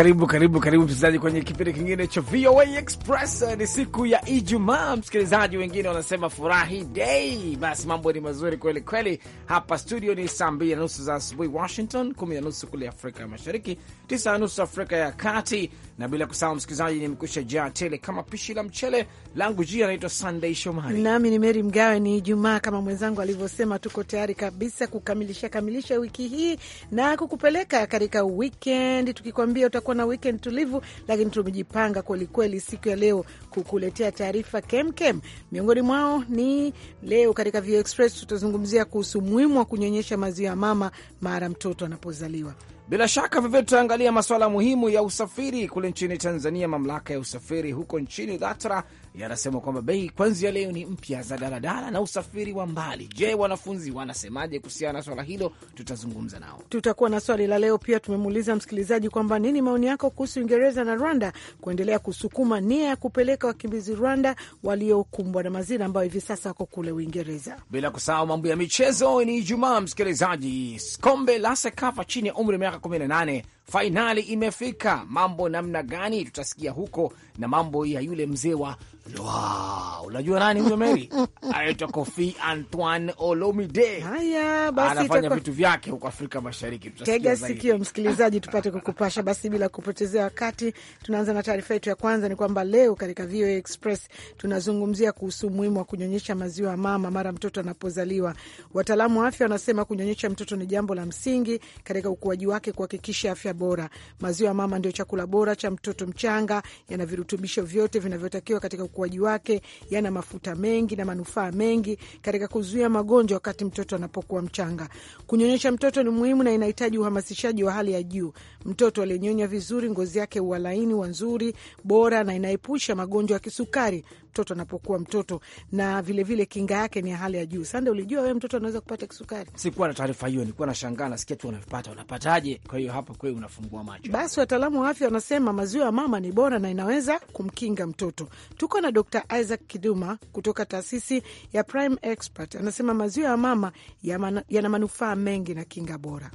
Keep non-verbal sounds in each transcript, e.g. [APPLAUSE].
Karibu karibu karibu msikilizaji kwenye kipindi kingine cha VOA Express. Ni siku ya Ijumaa, msikilizaji, wengine wanasema furahi dei. Basi mambo ni mazuri kweli kweli. Hapa studio ni saa mbili na nusu za asubuhi Washington, kumi na nusu kule Afrika ya Mashariki, tisa na nusu Afrika ya Kati na bila kusahau msikilizaji, nimekusha jaa tele kama pishi la mchele langu. Jia anaitwa Sunday Shomari, nami ni Meri Mgawe. Ni Ijumaa kama mwenzangu alivyosema, tuko tayari kabisa kukamilisha kamilisha wiki hii na kukupeleka katika weekend, tukikwambia utakuwa na weekend tulivu, lakini tumejipanga kwelikweli siku ya leo kukuletea taarifa kemkem. Miongoni mwao ni leo katika Vio Express tutazungumzia kuhusu umuhimu wa kunyonyesha maziwa ya mama mara mtoto anapozaliwa. Bila shaka vivyo tutaangalia masuala muhimu ya usafiri kule nchini Tanzania. Mamlaka ya usafiri huko nchini LATRA yanasema kwamba bei kwanzia leo ni mpya za daladala na usafiri wa mbali. Je, wanafunzi wanasemaje kuhusiana na swala hilo? Tutazungumza nao, tutakuwa na swali la leo pia. Tumemuuliza msikilizaji kwamba nini maoni yako kuhusu Uingereza na Rwanda kuendelea kusukuma nia ya kupeleka wakimbizi Rwanda waliokumbwa na mazira ambayo hivi sasa wako kule Uingereza. Bila kusahau mambo ya michezo, ni Ijumaa msikilizaji, kombe la Sekafa chini ya umri miaka saa 18 fainali imefika. Mambo namna gani tutasikia huko, na mambo ya yule mzee wa Loa. Unajua nani huyo Meri? Anaitwa [LAUGHS] Kofi Antoine Olomide. Haya basi, anafanya tako... vitu vyake huko Afrika Mashariki. Tega sikio msikilizaji, tupate kukupasha basi. Bila kupotezea wakati, tunaanza na taarifa yetu ya kwanza. Ni kwamba leo katika VOA Express tunazungumzia kuhusu umuhimu wa kunyonyesha maziwa ya mama mara mtoto anapozaliwa. Wataalamu wa afya wanasema kunyonyesha mtoto ni jambo la msingi katika ukuaji wake, kuhakikisha afya bora. Maziwa mama ndio chakula bora cha mtoto mchanga, yana virutubisho vyote vinavyotakiwa katika ukuaji wake, yana mafuta mengi na manufaa mengi katika kuzuia magonjwa wakati mtoto anapokuwa mchanga. Kunyonyesha mtoto ni muhimu na inahitaji uhamasishaji wa hali ya juu. Mtoto aliyenyonya vizuri, ngozi yake huwa laini, huwa nzuri, bora na inaepusha magonjwa ya kisukari mtoto anapokuwa mtoto, na vilevile vile kinga yake ni ya hali ya juu. Sande, ulijua wewe mtoto anaweza kupata kisukari? Sikuwa na taarifa hiyo, nilikuwa nashangaa, nasikia tu wanavipata, wanapataje? Kwa hiyo hapa kweli unafungua macho. Basi wataalamu wa afya wanasema maziwa ya mama ni bora na inaweza kumkinga mtoto. Tuko na Dr Isaac Kiduma kutoka taasisi ya Prime Expert, anasema maziwa ya mama yana ya manufaa mengi na kinga bora.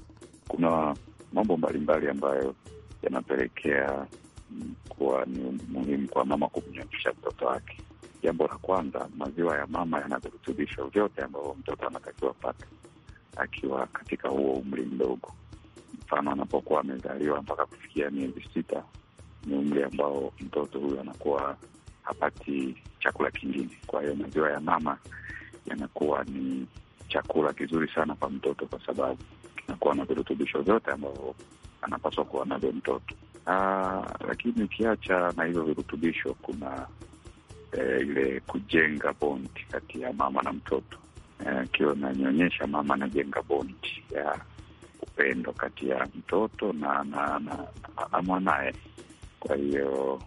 Kuna mambo mbalimbali ambayo yanapelekea kuwa ni muhimu kwa mama kumnyonyesha mtoto wake. Jambo la kwanza, maziwa ya mama yana virutubisho vyote ambavyo mtoto anatakiwa pata akiwa katika huo umri mdogo. Mfano, anapokuwa amezaliwa mpaka kufikia miezi sita ni umri ambao mtoto huyu anakuwa hapati chakula kingine. Kwa hiyo maziwa ya mama yanakuwa ni chakula kizuri sana kwa mtoto, kwa sababu kinakuwa na virutubisho vyote ambavyo anapaswa kuwa navyo mtoto. Ah, lakini ukiacha na hivyo virutubisho kuna e, ile kujenga bondi kati ya mama na mtoto ikiwa eh, e, nanyonyesha mama anajenga bondi ya upendo kati ya mtoto na, na, na, na mwanaye. Kwa hiyo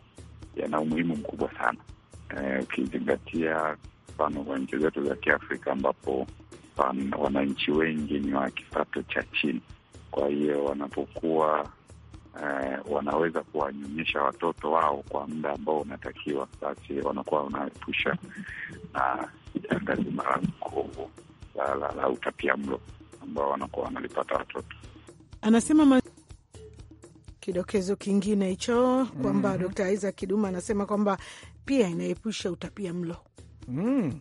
yana umuhimu mkubwa sana e, ukizingatia mfano kwa nchi zetu za Kiafrika ambapo wananchi wengi ni wa kipato cha chini, kwa hiyo wanapokuwa eh, wanaweza kuwanyonyesha watoto wao kwa muda ambao unatakiwa, basi wanakuwa wanaepusha na janga zima la mkovu la, la, la utapia mlo ambao wanakuwa wanalipata watoto. Anasema ma... kidokezo kingine hicho kwamba mm -hmm. Dkt. Isaac Kiduma anasema kwamba pia inaepusha utapia mlo mm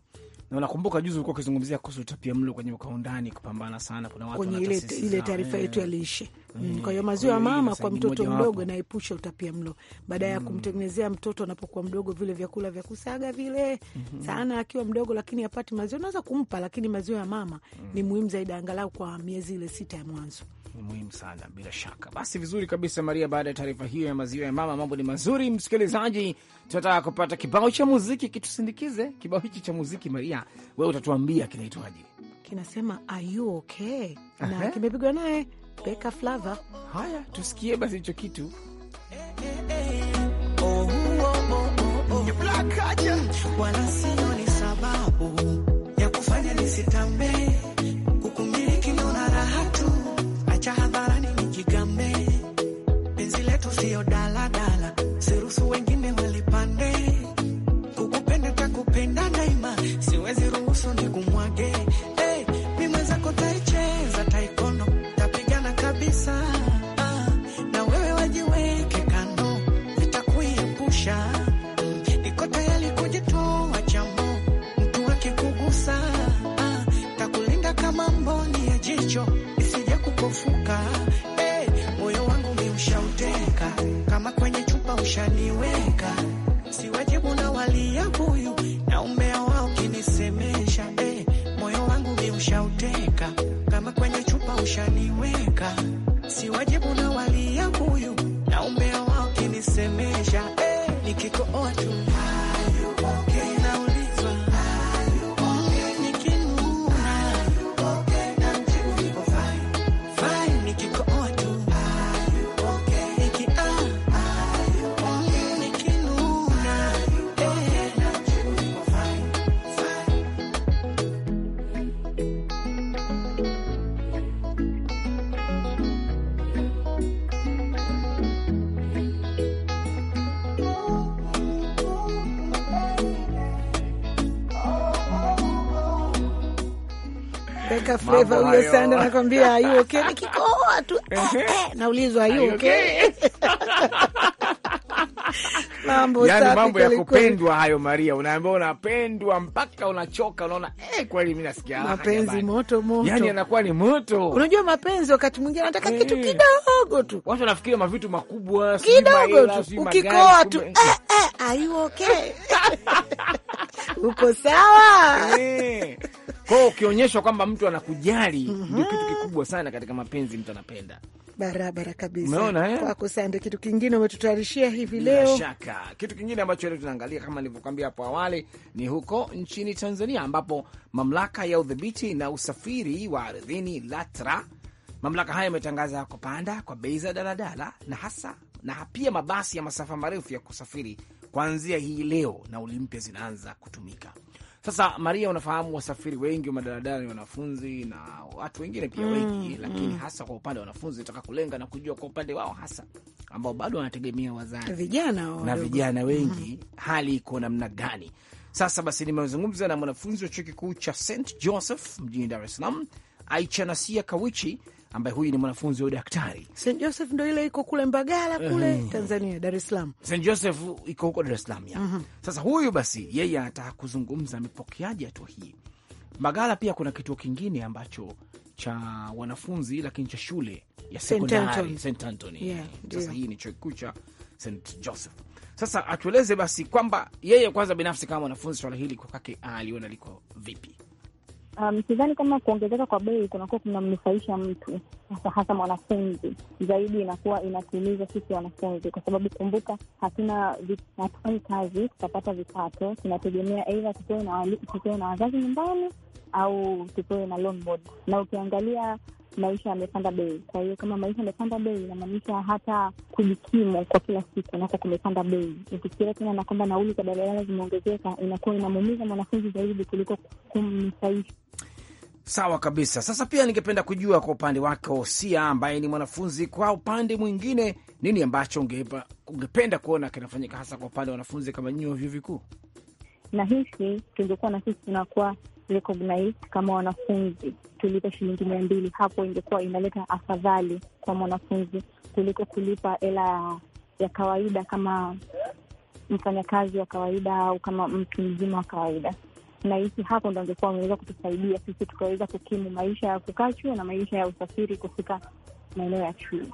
na unakumbuka juzi ulikuwa ukizungumzia kuhusu utapia mlo kwenye ukaundani kupambana sana, kuna watu kwenye ile taarifa yetu yaliishi Mm, eh, kwa hiyo maziwa mama kwa mtoto mdogo naepusha utapia mlo, baada ya mm, kumtengenezea mtoto anapokuwa mdogo vile vyakula vya kusaga vile mm -hmm. sana akiwa mdogo, lakini apati maziwa. Unaweza kumpa, lakini maziwa ya mama mm, ni muhimu zaidi, angalau kwa miezi ile sita ya mwanzo muhimu sana bila shaka. Basi vizuri kabisa Maria, baada ya taarifa hiyo ya maziwa ya mama, mambo ni mazuri. Msikilizaji, tunataka kupata kibao cha muziki kitusindikize. Kibao hichi cha muziki Maria, wewe utatuambia kinaitwaje? Kinasema are you okay? na kimepigwa naye Beka Flava. Haya, tusikie basi hicho kitu wala sio ni sababu ya kufanya nisitambe Ndio sana nakwambia, are you okay? Nikikohoa tu [LAUGHS] ah, ah. naulizwa are you okay? [LAUGHS] Mambo yani, mambo ya kupendwa hayo Maria, unaambia unapendwa mpaka unachoka, unaona eh, kweli mimi nasikia ah, mapenzi moto moto, yani yanakuwa ni moto. Unajua mapenzi wakati mwingine anataka kitu eh. kidogo tu, watu wanafikiria mavitu makubwa kidogo tu, ukikoa tu eh, eh, are you okay? [LAUGHS] uko sawa? Eh kwao. ukionyeshwa kwamba mtu anakujali ndio mm -hmm. kitu kikubwa sana katika mapenzi, mtu anapenda barabara kabisa. Umeona eh? kwako sande. Kitu kingine umetutayarishia hivi leo? Bila shaka, kitu kingine ambacho leo tunaangalia kama nilivyokwambia hapo awali ni huko nchini Tanzania, ambapo mamlaka ya udhibiti na usafiri wa ardhini LATRA, mamlaka hayo ametangaza kupanda kwa bei za daladala na hasa na pia mabasi ya masafa marefu ya kusafiri kuanzia hii leo, nauli mpya zinaanza kutumika. Sasa Maria, unafahamu wasafiri wengi wa madaladala ni wanafunzi na watu wengine pia wengi mm, mm. lakini mm, hasa kwa upande wa wanafunzi nataka kulenga na kujua kwa upande wao hasa ambao bado wanategemea wazazi vijana na vijana wengi mm, hali iko namna gani? Sasa basi, nimezungumza na mwanafunzi wa chuo kikuu cha St Joseph mjini Dar es Salaam Aichanasia Kawichi ambaye huyu ni mwanafunzi wa udaktari. St Joseph ndo ile iko kule Mbagala eh. kule mm. Tanzania, Dar es Salaam. St Joseph iko huko Dar es Salaam ya mm -hmm. Sasa huyu basi yeye anataka kuzungumza amepokeaje hatua hii. Mbagala pia kuna kituo kingine ambacho cha wanafunzi lakini cha shule ya sekondari St Antony. Yeah, eh. sasa hii ni chuo kikuu cha St Joseph. Sasa atueleze basi kwamba yeye kwanza binafsi kama mwanafunzi, swala hili kwa kwake aliona liko vipi? Um, sidhani kama kuongezeka kwa bei kunakuwa kunamnufaisha mtu hasa hasa mwanafunzi zaidi, inakuwa inatuumiza sisi wanafunzi, kwa sababu kumbuka, hatuna hatufanyi kazi tutapata vipato, tunategemea aidha tupewe na wazazi nyumbani au tupewe na loan board, na ukiangalia maisha yamepanda bei. Kwa hiyo kama maisha yamepanda bei, inamaanisha hata kujikimu kwa kila siku nako kumepanda bei. Ukifikiria tena na kwamba nauli za daladala zimeongezeka, inakuwa inamuumiza mwanafunzi zaidi kuliko kumnufaisha. Sawa kabisa. Sasa pia ningependa kujua kwa upande wake Sia, ambaye ni mwanafunzi, kwa upande mwingine, nini ambacho ungependa kuona kinafanyika hasa kwa upande wa wanafunzi kama nyinyi wa vyuo vikuu? Nahisi tungekuwa na sisi tunakuwa recognize kama wanafunzi, tulipe shilingi mia mbili. Hapo ingekuwa inaleta afadhali kwa mwanafunzi kuliko kulipa hela ya kawaida kama mfanyakazi wa kawaida au kama mtu mzima wa kawaida. Nahisi hapo ndo angekuwa ameweza kutusaidia sisi tukaweza kukimu maisha ya kukaa chuo na maisha ya usafiri kufika maeneo ya chuo.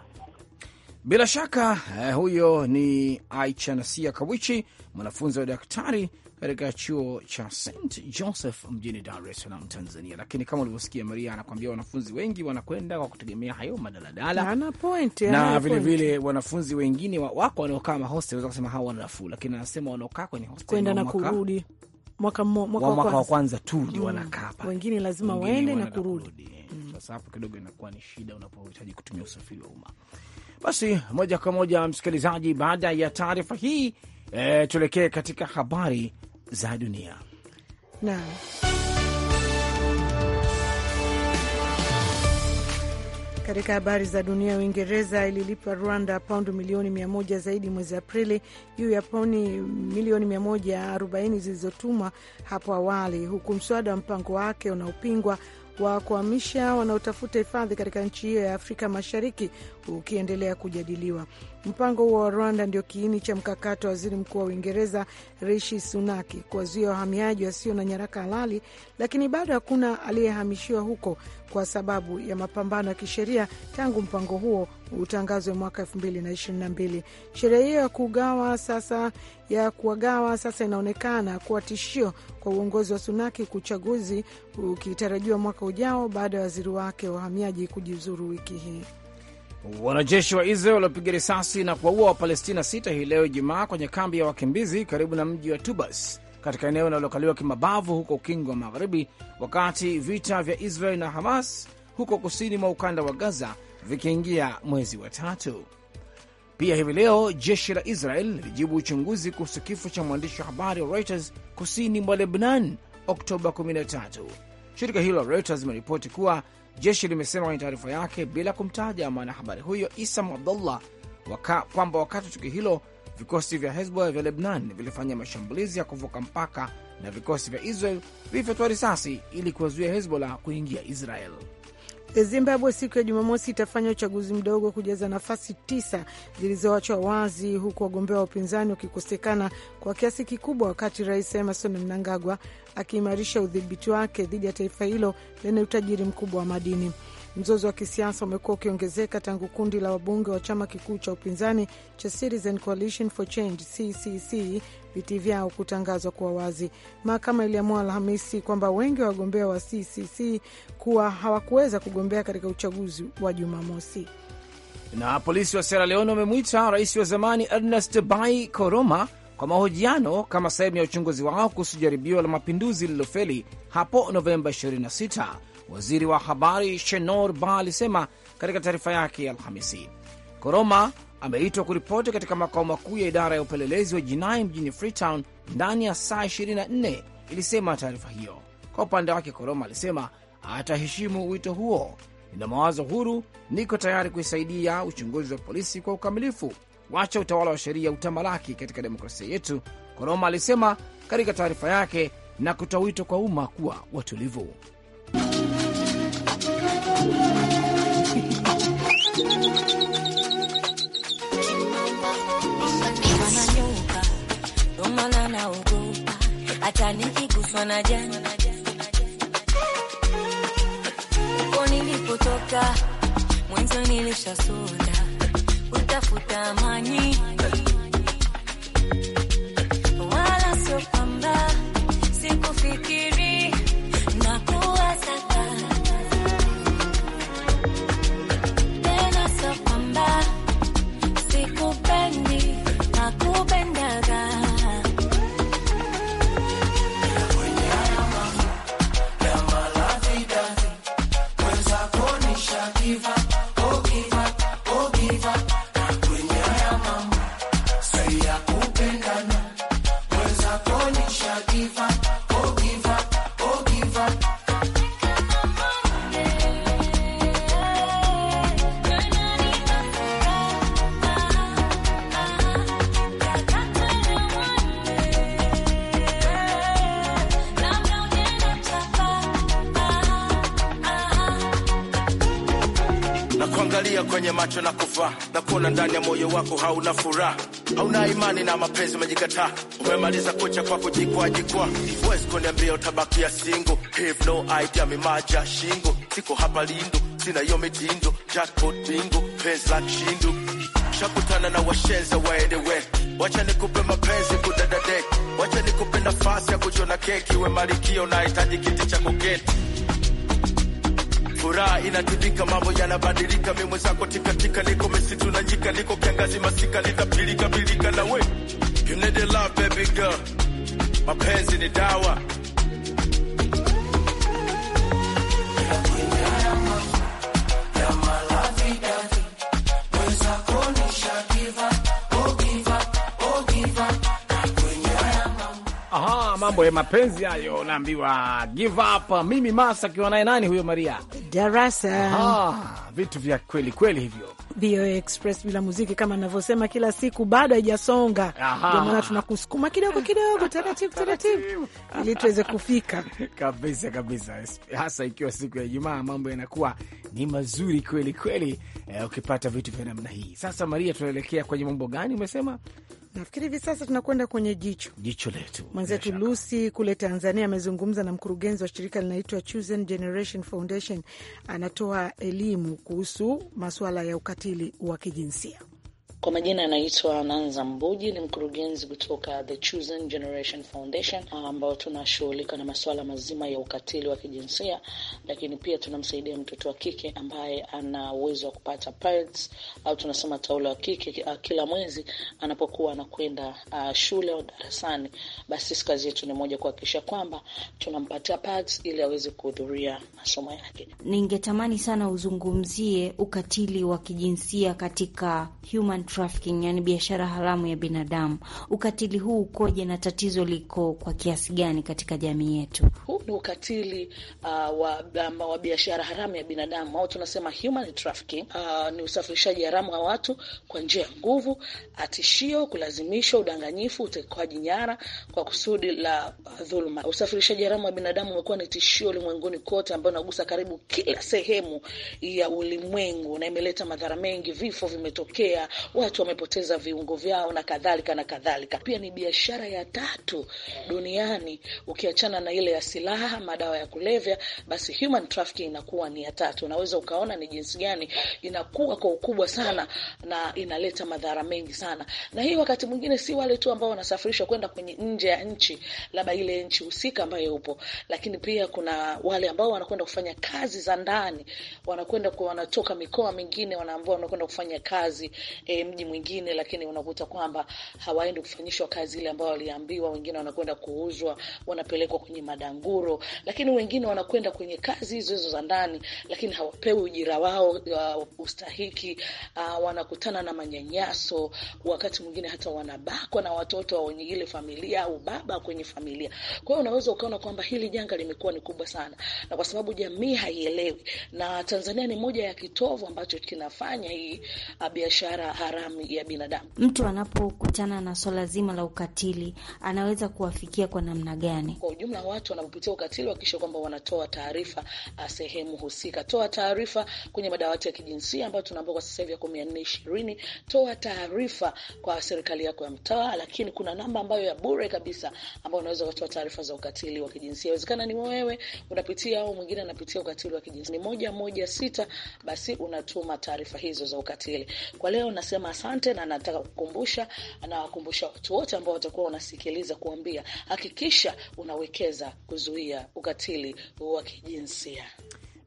Bila shaka eh, huyo ni Aichanasia Kawichi, mwanafunzi wa daktari katika chuo cha St Joseph mjini Dar es Salaam, Tanzania. Lakini kama ulivyosikia, Maria anakuambia wanafunzi wengi wanakwenda kwa kutegemea hayo madaladala na vilevile vile wanafunzi wengine wako wanaokaa mahostel, weza kusema hawa wana lakini anasema wanaokaa kwenye hostel kwenda na kurudi mwaka wa kwanza tu ndio mm, wanakaa pale, wengine lazima waende na kurudi. Mm. Sasa hapo kidogo inakuwa ni shida unapohitaji kutumia usafiri wa umma. Basi moja kwa moja, msikilizaji, baada ya taarifa hii e, tuelekee katika habari za dunia. Na Katika habari za dunia, Uingereza ililipa Rwanda paundi milioni mia moja zaidi mwezi Aprili juu ya pauni milioni mia moja arobaini zilizotumwa hapo awali, huku mswada wa mpango wake unaopingwa wa kuhamisha wanaotafuta hifadhi katika nchi hiyo ya Afrika Mashariki ukiendelea kujadiliwa. Mpango huo wa Rwanda ndio kiini cha mkakato wa waziri mkuu wa Uingereza Rishi Sunaki kuwazuia wahamiaji wasio na nyaraka halali, lakini bado hakuna aliyehamishiwa huko kwa sababu ya mapambano ya kisheria tangu mpango huo utangazwe mwaka mbili. Sheria hiyo ya kugawa sasa ya kuwagawa sasa inaonekana kuwa tishio kwa uongozi wa Sunaki, kuchaguzi ukitarajiwa mwaka ujao baada ya waziri wake wa uhamiaji kujiuzuru wiki hii. Wanajeshi wa Israel waliopiga risasi na kuwaua Wapalestina sita hii leo Ijumaa kwenye kambi ya wakimbizi karibu na mji wa Tubas katika eneo linalokaliwa kimabavu huko Ukingo wa Magharibi, wakati vita vya Israel na Hamas huko kusini mwa ukanda wa Gaza vikiingia mwezi wa tatu. Pia hivi leo jeshi la Israel lilijibu uchunguzi kuhusu kifo cha mwandishi wa habari wa Reuters kusini mwa Lebnan Oktoba 13. Shirika hilo la Reuters limeripoti kuwa Jeshi limesema kwenye taarifa yake bila kumtaja mwanahabari huyo Isam Abdullah waka, kwamba wakati wa tukio hilo vikosi vya Hezbollah vya Lebnan vilifanya mashambulizi ya kuvuka mpaka na vikosi vya Israel vilifyatua risasi ili kuwazuia Hezbollah kuingia Israel. Zimbabwe siku ya Jumamosi itafanya uchaguzi mdogo kujaza nafasi tisa zilizoachwa wazi, huku wagombea wa upinzani wakikosekana kwa kiasi kikubwa, wakati Rais Emerson Mnangagwa akiimarisha udhibiti wake dhidi ya taifa hilo lenye utajiri mkubwa wa madini. Mzozo wa kisiasa umekuwa ukiongezeka tangu kundi la wabunge wa chama kikuu cha upinzani cha Citizen Coalition for Change CCC viti vyao kutangazwa kuwa wazi. Mahakama iliamua Alhamisi kwamba wengi wa wagombea wa CCC kuwa hawakuweza kugombea katika uchaguzi wa Jumamosi. Na polisi wa Sierra Leone wamemwita rais wa zamani Ernest Bai Koroma kwa mahojiano kama sehemu ya uchunguzi wao kuhusu jaribio la mapinduzi lililofeli hapo Novemba 26. Waziri wa habari Shenor Ba alisema katika taarifa yake ya Alhamisi. Koroma ameitwa kuripoti katika makao makuu ya idara ya upelelezi wa jinai mjini Freetown ndani ya saa 24, ilisema taarifa hiyo. Kwa upande wake, Koroma alisema ataheshimu wito huo. Nina mawazo huru, niko tayari kuisaidia uchunguzi wa polisi kwa ukamilifu, wacha utawala wa sheria utamalaki katika demokrasia yetu, Koroma alisema katika taarifa yake na kutoa wito kwa umma kuwa watulivu utafuta amani, wala sio kwamba wako hauna furaha, hauna imani na mapenzi, umejikataa, umemaliza kocha kwako, jikwa jikwa, huwezi kuniambia utabakia singo, have no idea, mimaja shingo, siko hapa lindo, sina hiyo mitindo, jackpot bingo, pesa kishindo, shakutana na washenza waedewe, wacha nikupe mapenzi kudadade, wacha nikupe nafasi ya kuchona keki, we malkia, unahitaji kiti cha kuketi furaha inatindika, mambo yanabadilika, mimi mwenzako tikatika, niko misitu tunajika, nyika, niko kiangazi masika, litapilika pilika na we, you need a love baby girl, mapenzi ni dawa mambo ya mapenzi hayo, naambiwa give up. Mimi Masa akiwa naye nani huyo, Maria Darasa. vitu vya kweli kweli hivyo. VOA Express bila muziki kama navyosema kila siku, bado haijasonga, ndio maana tunakusukuma kidogo kidogo, taratibu [LAUGHS] taratibu, ili tuweze kufika [LAUGHS] kabisa kabisa, hasa ikiwa siku ya Ijumaa, mambo yanakuwa ni mazuri kweli kweli, eh, ukipata vitu vya namna hii. Sasa Maria, tunaelekea kwenye mambo gani umesema? Nafikiri hivi sasa tunakwenda kwenye jicho jicho letu. Mwenzetu Lusi kule Tanzania amezungumza na mkurugenzi wa shirika linaitwa Chosen Generation Foundation, anatoa elimu kuhusu masuala ya ukatili wa kijinsia. Kwa majina anaitwa Nanza Mbuji, ni mkurugenzi kutoka The Chosen Generation Foundation, ambao tunashughulika na masuala mazima ya ukatili wa kijinsia, lakini pia tunamsaidia mtoto wa kike ambaye ana uwezo wa kupata pads, au tunasema taulo wa kike ah, kila mwezi anapokuwa anakwenda uh, shule au darasani. Basi sisi kazi yetu ni moja, kuhakikisha kwamba tunampatia pads ili aweze kuhudhuria masomo yake. Ningetamani sana uzungumzie ukatili wa kijinsia katika human trafficking, yani biashara haramu ya binadamu. Ukatili huu ukoje na tatizo liko kwa kiasi gani katika jamii yetu? Huu ni ukatili uh, wa, um, wa biashara haramu ya binadamu au tunasema human trafficking. Uh, ni usafirishaji haramu wa watu kwa njia ya nguvu, atishio, kulazimishwa, udanganyifu, utekwaji nyara kwa kusudi la dhuluma. Usafirishaji haramu wa binadamu umekuwa ni tishio ulimwenguni kote, ambayo inagusa karibu kila sehemu ya ulimwengu na imeleta madhara mengi. Vifo vimetokea, watu wamepoteza viungo vyao na kadhalika na kadhalika. Pia ni biashara ya tatu duniani, ukiachana na ile ya silaha, madawa ya kulevya, basi human trafficking inakuwa ni ya tatu. Unaweza ukaona ni jinsi gani inakuwa kwa ukubwa sana na inaleta madhara mengi sana. Na hii wakati mwingine si wale tu ambao wanasafirishwa kwenda kwenye nje ya nchi, labda ile nchi husika ambayo upo, lakini pia kuna wale ambao wanakwenda kufanya kazi za ndani, wanakwenda wanatoka mikoa mingine, wanaambao wanakwenda kufanya kazi e, mji mwingine, lakini unakuta kwamba hawaendi kufanyishwa kazi ile ambayo waliambiwa. Wengine wanakwenda kuuzwa, wanapelekwa kwenye madanguro, lakini wengine wanakwenda kwenye kazi hizo hizo za ndani, lakini hawapewi ujira wao uh, ustahiki uh, wanakutana na manyanyaso, wakati mwingine hata wanabakwa na watoto wenye ile familia au baba kwenye familia. Kwa hiyo unaweza ukaona kwamba hili janga limekuwa ni kubwa sana, na kwa sababu jamii haielewi, na Tanzania ni moja ya kitovu ambacho kinafanya hii uh, biashara haramu ya binadamu. Mtu anapokutana na swala zima la ukatili anaweza kuwafikia kwa namna gani? Kwa ujumla, watu wanapopitia ukatili wakikisha kwamba wanatoa taarifa ah, sehemu husika. Toa taarifa kwenye madawati ya kijinsia ambayo tunaambao kwa sasa hivi yako mia nne ishirini. Toa taarifa kwa serikali yako ya mtaa, lakini kuna namba ambayo ya bure kabisa ambayo unaweza ukatoa taarifa za ukatili wa kijinsia. Inawezekana ni wewe unapitia au mwingine anapitia ukatili wa kijinsia. Ni moja moja sita, basi unatuma taarifa hizo za ukatili. Kwa leo nasema anasema asante, na anataka kukumbusha, anawakumbusha watu wote ambao watakuwa wanasikiliza kuambia, hakikisha unawekeza kuzuia ukatili wa kijinsia.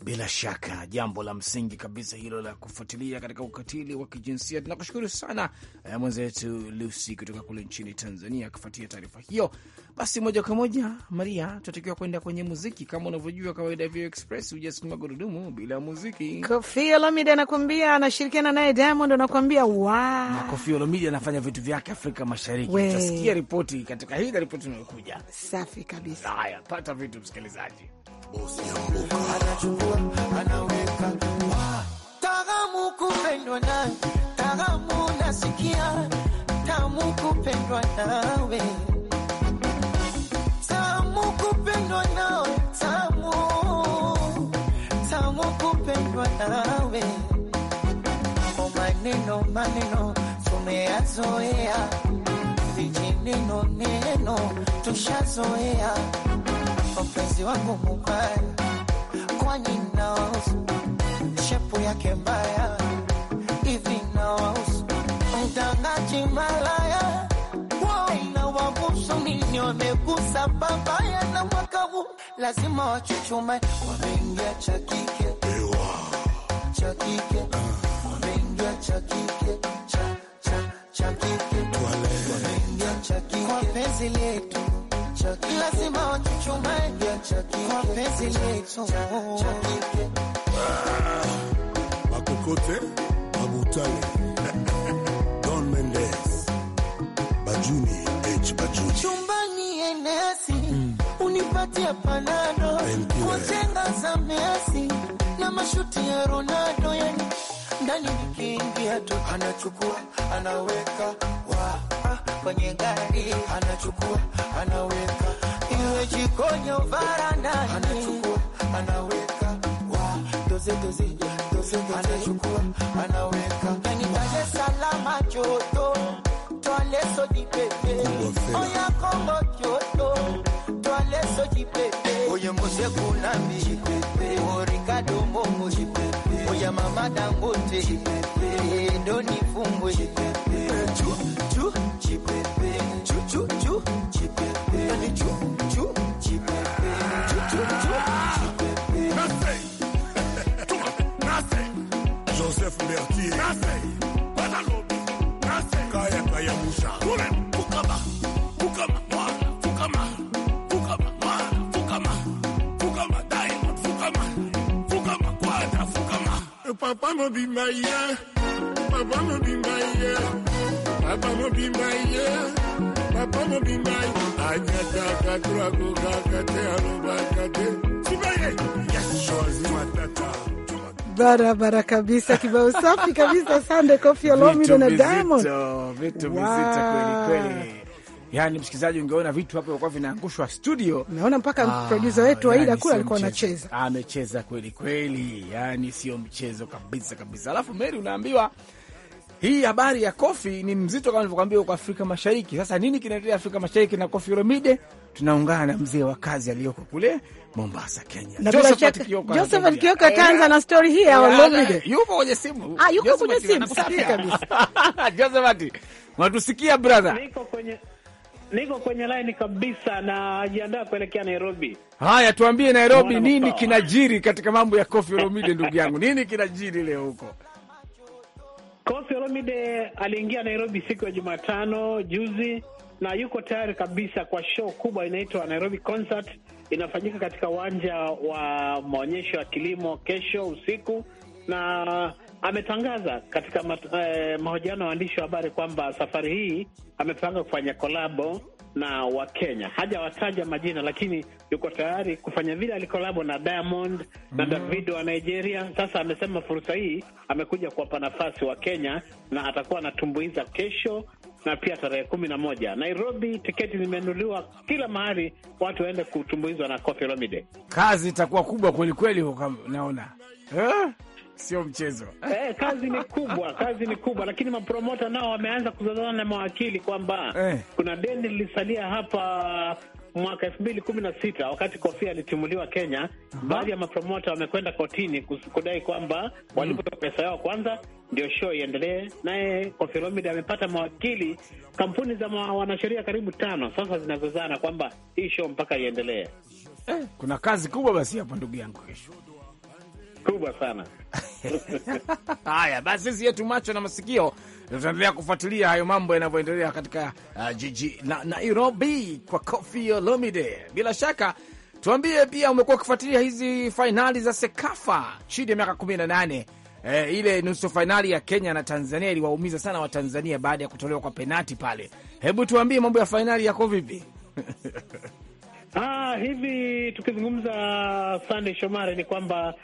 Bila shaka jambo la msingi kabisa hilo la kufuatilia katika ukatili wa kijinsia. Tunakushukuru sana eh, mwenzetu Lucy kutoka kule nchini Tanzania akifuatia taarifa hiyo. Basi moja kwa moja, Maria, tunatakiwa kwenda kwenye muziki. Kama unavyojua kawaida ya Vio Express, hujasukuma gurudumu bila muziki. Koffi Olomide anakuambia, anashirikiana naye Diamond, anakuambia wow. Na Olomide anafanya vitu vyake Afrika Mashariki. Utasikia ripoti katika hii ripoti inayokuja. Safi kabisa. Haya, pata vitu msikilizaji. Tamu kupendwa nawe kupendwa nawe, tamu tamu kupendwa nawe, o maneno maneno tumeyazoea, vijineno neno tushazoea, mpenzi wangu mubaya, kwani nawausu shepu yake mbaya hivi, nawausu mtangaji malaya, wow. Nawagusu mimi wamegusa babaya na lazima wachuchume, wameingia cha kike cha kike, wameingia cha kike cha kike, wameingia cha kike kwa penzi letu, lazima wachuchume letu makokote mabutale kati ya Panado, kuchenga za Messi na mashuti ya Ronaldo, yani ndani nikiingia tu anachukua anaweka wa kwenye gari anachukua anaweka, iwe jikoni au varandani anachukua anaweka wa doze doze doze anachukua anaweka, yani Dar es Salaam joto toaleso dipepe oya Kongo joto Waleso Chipepe, oye Mose Kunambi Chipepe, o Mongo Chipepe, oye Mama Dangote Chipepe, Doni Fungo Chipepe, chu chu Chipepe mo be my yeah. Papa mo be my yeah. Papa mo be my yeah. Papa mo be my. Akata katura kuka kate aruba kate. Sibaye. Yes, shozi matata. Barabara kabisa, kibao safi kabisa. Sande Koffi Olomide na Diamond, vitu vizito kweli kweli. Yani msikilizaji, ungeona vitu hapo vilikuwa vinaangushwa studio. Naona mpaka ah, produsa wetu yaani Aida yani kule alikuwa anacheza, amecheza kweli kweli, yani sio mchezo kabisa kabisa. Alafu Meri, unaambiwa hii habari ya Kofi ni mzito kama nilivyokwambia, huko Afrika Mashariki. Sasa nini kinaendelea Afrika Mashariki na Kofi Olomide? Tunaungana na mzee wa kazi aliyoko kule Mombasa, Kenya, Joseph Kioko ataanza eh? na story hii ya eh, Olomide. Eh, yupo kwenye simu, ah, yuko kwenye simu. Safi kabisa, [LAUGHS] Joseph unatusikia brother? Niko kwenye Niko kwenye laini kabisa na ajiandaa kuelekea Nairobi. Haya, tuambie Nairobi, Mwana nini kinajiri katika mambo ya Kofi Olomide? Ndugu yangu, nini kinajiri leo huko? Kofi Olomide aliingia Nairobi siku ya Jumatano juzi na yuko tayari kabisa kwa show kubwa inaitwa Nairobi Concert, inafanyika katika uwanja wa maonyesho ya kilimo kesho usiku na ametangaza katika eh, mahojiano ya waandishi wa habari kwamba safari hii amepanga kufanya kolabo na Wakenya. Hajawataja majina, lakini yuko tayari kufanya vile alikolabo na Diamond mm -hmm. na mhm. Davido wa Nigeria. Sasa amesema fursa hii amekuja kuwapa nafasi Wakenya na atakuwa anatumbuiza kesho na pia tarehe kumi na moja Nairobi. Tiketi zimenuliwa kila mahali, watu waende kutumbuizwa na Koffi Olomide. Kazi itakuwa kubwa kwelikweli, naona eh? sio mchezo eh, kazi ni kubwa, kazi ni kubwa, lakini mapromota nao wameanza kuzozana na mawakili kwamba eh, kuna deni lilisalia hapa mwaka elfu mbili kumi na sita wakati kofi alitimuliwa Kenya. uh -huh. Baadhi ya mapromota wamekwenda kotini kudai kwamba hmm. walipotoa pesa yao kwanza ndio show iendelee. Naye Kofi Olomide amepata mawakili, kampuni za wanasheria karibu tano sasa zinazozana kwamba hii show mpaka iendelee. Eh, kuna kazi kubwa basi hapo ndugu yangu kesho kubwa sana. [LAUGHS] Haya basi, sisi yetu macho na masikio tunaendelea kufuatilia hayo mambo yanavyoendelea katika uh, jiji la na, Nairobi kwa Koffi Olomide. Bila shaka tuambie pia, umekuwa ukifuatilia hizi fainali za Sekafa chini ya miaka kumi na nane. E, ile nusu fainali ya Kenya na Tanzania iliwaumiza sana Watanzania baada ya kutolewa kwa penati pale. Hebu tuambie mambo ya fainali yako vipi? [LAUGHS] Ah, hivi tukizungumza Sunday Shomari, ni kwamba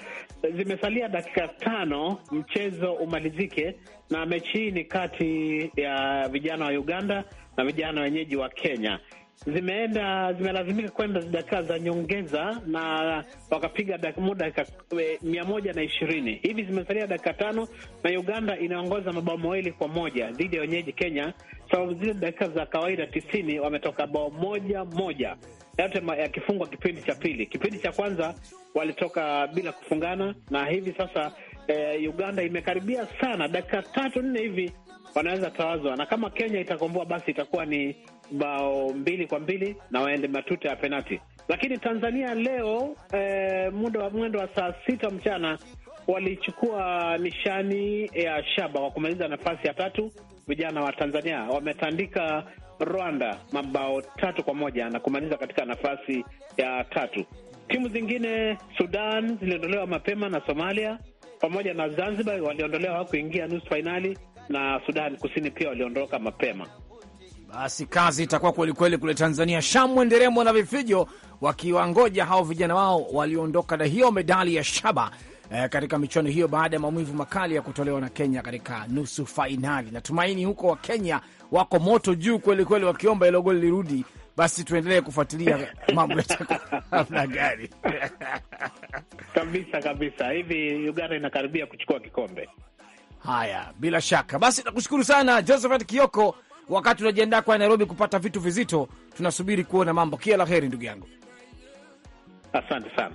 zimesalia dakika tano mchezo umalizike, na mechi hii ni kati ya vijana wa Uganda na vijana wenyeji wa Kenya. Zimeenda zimelazimika kwenda dakika za nyongeza na wakapiga dakika eh, mia moja na ishirini hivi. Zimesalia dakika tano na Uganda inaongoza mabao mawili kwa moja dhidi ya wenyeji Kenya, sababu zile dakika za kawaida tisini wametoka bao moja moja yote yakifungwa kipindi cha pili. Kipindi cha kwanza walitoka bila kufungana, na hivi sasa eh, Uganda imekaribia sana, dakika tatu nne hivi wanaweza tawazwa, na kama Kenya itakomboa basi itakuwa ni bao mbili kwa mbili na waende matuta ya penati. Lakini Tanzania leo eh, mwendo wa saa sita mchana walichukua nishani ya shaba kwa kumaliza nafasi ya tatu. Vijana wa Tanzania wametandika Rwanda mabao tatu kwa moja na kumaliza katika nafasi ya tatu. Timu zingine Sudan ziliondolewa mapema na Somalia pamoja na Zanzibar waliondolewa, hawakuingia nusu fainali, na Sudan Kusini pia waliondoka mapema. Basi kazi itakuwa kwelikweli kule Tanzania. Shamwe nderemo na vifijo wakiwangoja hao vijana wao walioondoka na hiyo medali ya shaba eh, katika michuano hiyo baada ya maumivu makali ya kutolewa na Kenya katika nusu fainali. Natumaini huko wa Kenya wako moto juu kweli kweli, wakiomba hilo goli lirudi. Basi tuendelee kufuatilia [LAUGHS] mambo ya namna gani. [LAUGHS] Kabisa kabisa, hivi Uganda inakaribia kuchukua kikombe. Haya, bila shaka. Basi nakushukuru sana Josephat Kioko. Wakati unajiandaa kwa Nairobi kupata vitu vizito, tunasubiri kuona mambo. Kila la heri ndugu yangu, asante sana.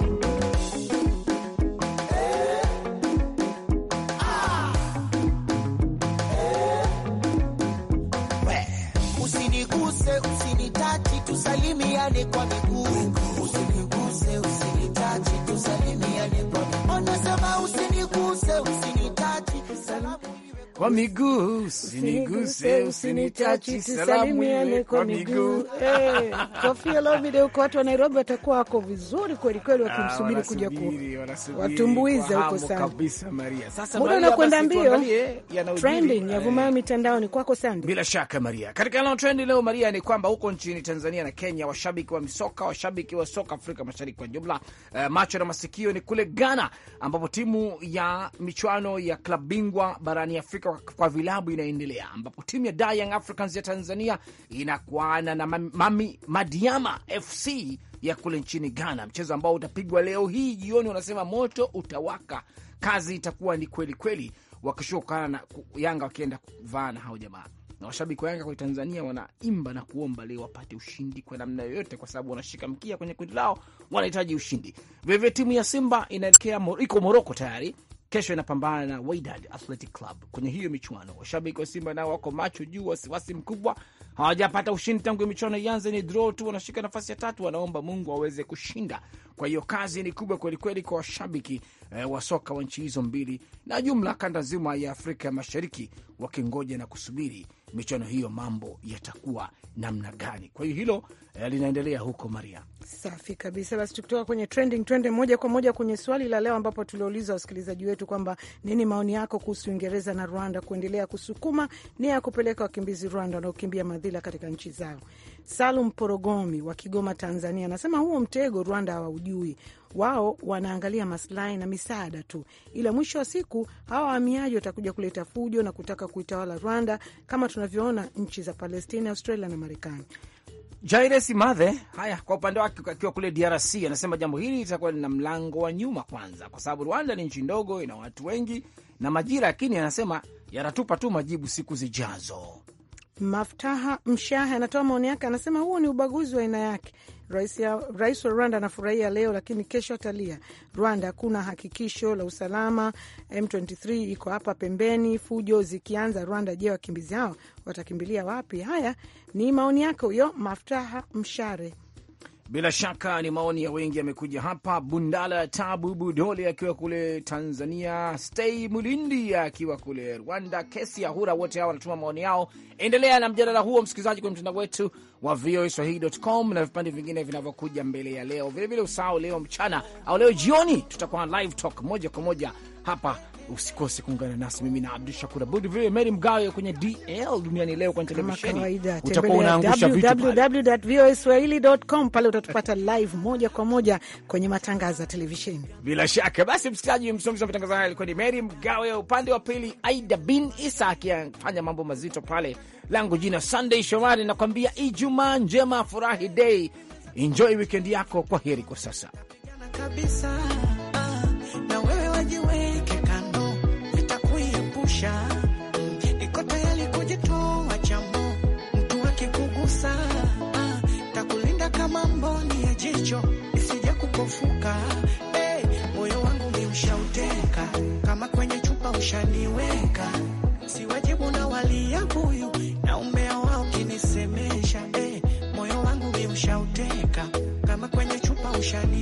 kwa miguu kwa miguu, usiniguse, usinitachi, tusalimiane kwa miguu. Kofia eh, Lomide huko, watu wa Nairobi watakuwa wako vizuri kwelikweli, wakimsubiri ah, kuja ku watumbuize huko sana. Muda unakwenda mbio, trending yavumayo eh, mitandaoni. Kwako Sandi, bila shaka Maria. Katika nao trendi leo Maria, ni kwamba huko nchini Tanzania na Kenya, washabiki wa misoka, washabiki wa soka Afrika Mashariki kwa jumla, uh, macho na masikio ni kule Ghana ambapo timu ya michuano ya klabu bingwa barani Afrika kwa vilabu inaendelea, ambapo timu ya Young Africans ya Tanzania inakwana na Mami Madiama FC ya kule nchini Ghana, mchezo ambao utapigwa leo hii jioni. Wanasema moto utawaka, kazi itakuwa ni kweli kweli, wakishuka na Yanga wakienda kuvaa na hao jamaa na washabiki wa Yanga kwa Tanzania wanaimba na kuomba leo wapate ushindi kwa namna yoyote, kwa sababu wanashika mkia kwenye kundi lao, wanahitaji ushindi. Vilevile timu ya Simba inaelekea iko Moroko tayari kesho inapambana na Wydad Athletic Club kwenye hiyo michuano. Washabiki wa Simba nao wako macho juu, wasiwasi mkubwa, hawajapata ushindi tangu michuano ianze, ni draw tu, wanashika nafasi ya tatu, wanaomba Mungu aweze kushinda. Kwa hiyo kazi ni kubwa kwelikweli kwa washabiki eh, wa soka wa nchi hizo mbili na jumla kanda zima ya Afrika ya Mashariki, wakingoja na kusubiri michuano hiyo mambo yatakuwa namna gani? Kwa hiyo hilo eh, linaendelea huko Maria. Safi kabisa. Basi tukitoka kwenye trending, twende moja kwa moja kwenye swali la leo, ambapo tuliuliza wasikilizaji wetu kwamba nini maoni yako kuhusu Uingereza na Rwanda kuendelea kusukuma nia ya kupeleka wakimbizi Rwanda wanaokimbia madhila katika nchi zao. Salum Porogomi wa Kigoma, Tanzania, anasema huo mtego Rwanda hawaujui wao wanaangalia maslahi na misaada tu, ila mwisho wa siku hawa wahamiaji watakuja kuleta fujo na kutaka kuitawala Rwanda kama tunavyoona nchi za Palestina, Australia na Marekani. Jairesi Madhe, haya, kwa upande wake akiwa kule DRC, anasema jambo hili litakuwa lina mlango wa nyuma kwanza, kwa sababu Rwanda ni nchi ndogo, ina watu wengi na majira, lakini anasema yanatupa tu majibu siku zijazo. Maftaha Mshahe anatoa maoni yake, anasema huo ni ubaguzi wa aina yake. Rais wa Rwanda anafurahia leo, lakini kesho atalia. Rwanda hakuna hakikisho la usalama, M23 iko hapa pembeni. Fujo zikianza Rwanda, je, wakimbizi hao watakimbilia wapi? Haya ni maoni yake huyo Maftaha Mshare bila shaka ni maoni ya wengi yamekuja hapa. Bundala Tabu Budole akiwa kule Tanzania, Stay Mulindi akiwa kule Rwanda, Kesi ya Hura, wote hao wanatuma maoni yao. Endelea na mjadala huo, msikilizaji, kwenye mtandao wetu wa voa swahilicom na vipande vingine vinavyokuja mbele ya leo. Vilevile usahau leo mchana au leo jioni, tutakuwa na live talk moja kwa moja hapa usikose kuungana nasi mimi na Abdu Shakur Abud, vile Mary Mgawe kwenye DL duniani leo kwenye televisheni, utakuwa unaangusha www.voaswahili.com, pale utatupata live moja kwa moja kwenye matangazo ya televisheni. Bila shaka basi, msikilizaji, msimamizi wa matangazo haya alikuwa ni Mary Mgawe, upande wa pili Aida bin Isa akifanya mambo mazito pale. Langu jina Sunday Shomari, nakwambia Ijumaa njema, furahi dei, enjoy weekend yako. Kwa heri kwa sasa maisha, niko tayari kujitoa chamo mtu akikugusa, ah, takulinda kama mboni ya jicho isija kupofuka. Hey, eh, moyo wangu mi ushauteka kama kwenye chupa ushaniweka, si wajibu na walia huyu na umbea wao kinisemesha. Hey, eh, moyo wangu mi ushauteka kama kwenye chupa ushani